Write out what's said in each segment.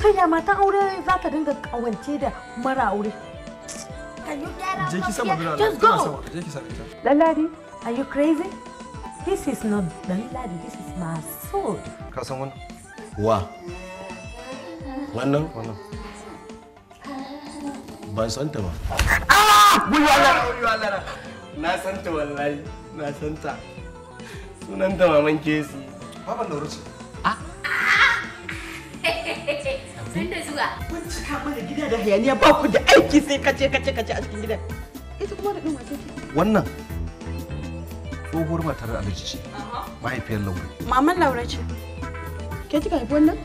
kai matan aure za ta dinga kawance da mara aure je ki sama bila just go lalladi are you crazy this is not lalladi this is my soul ka san wannan wa wannan wannan ban san ta ba ah wuyi wallahi wuyi wallahi na san ta wallahi na san ta sunan ta maman kesi baban da wurin Kun cika mana gida da hayaniya ba ku da aiki sai kace kace kace a cikin gidan. Ita kuma da ɗin wace ce? Wannan tsohuwar matar Alhaji ce. Mahaifiyar Laura. Maman Laura ce. Ke kika haifi wannan?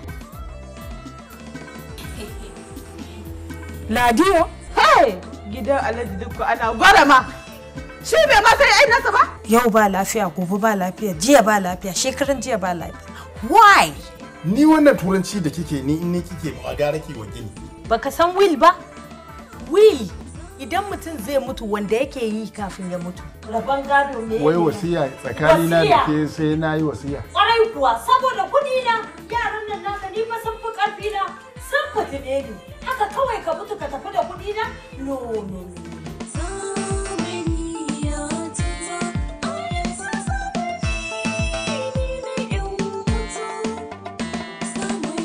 Ladiyo? Hey! Gidan Alhaji Dukku ana gwarama. Shi bai ma sai ai nasa ba? Yau ba lafiya, gobe ba lafiya, jiya ba lafiya, shekaran jiya ba lafiya. Why? ni wannan turanci da kike ni in ni kike ba gara ki wa gini baka san will ba will idan mutum zai mutu wanda yake yi kafin ya mutu rabon gado ne wai wasiya tsakani na da ke sai na yi wasiya kwarai kuwa saboda kudi na yaran nan naka ni ba san fi karfi na san fatine ne haka kawai ka mutu ka tafi da kudi na no no no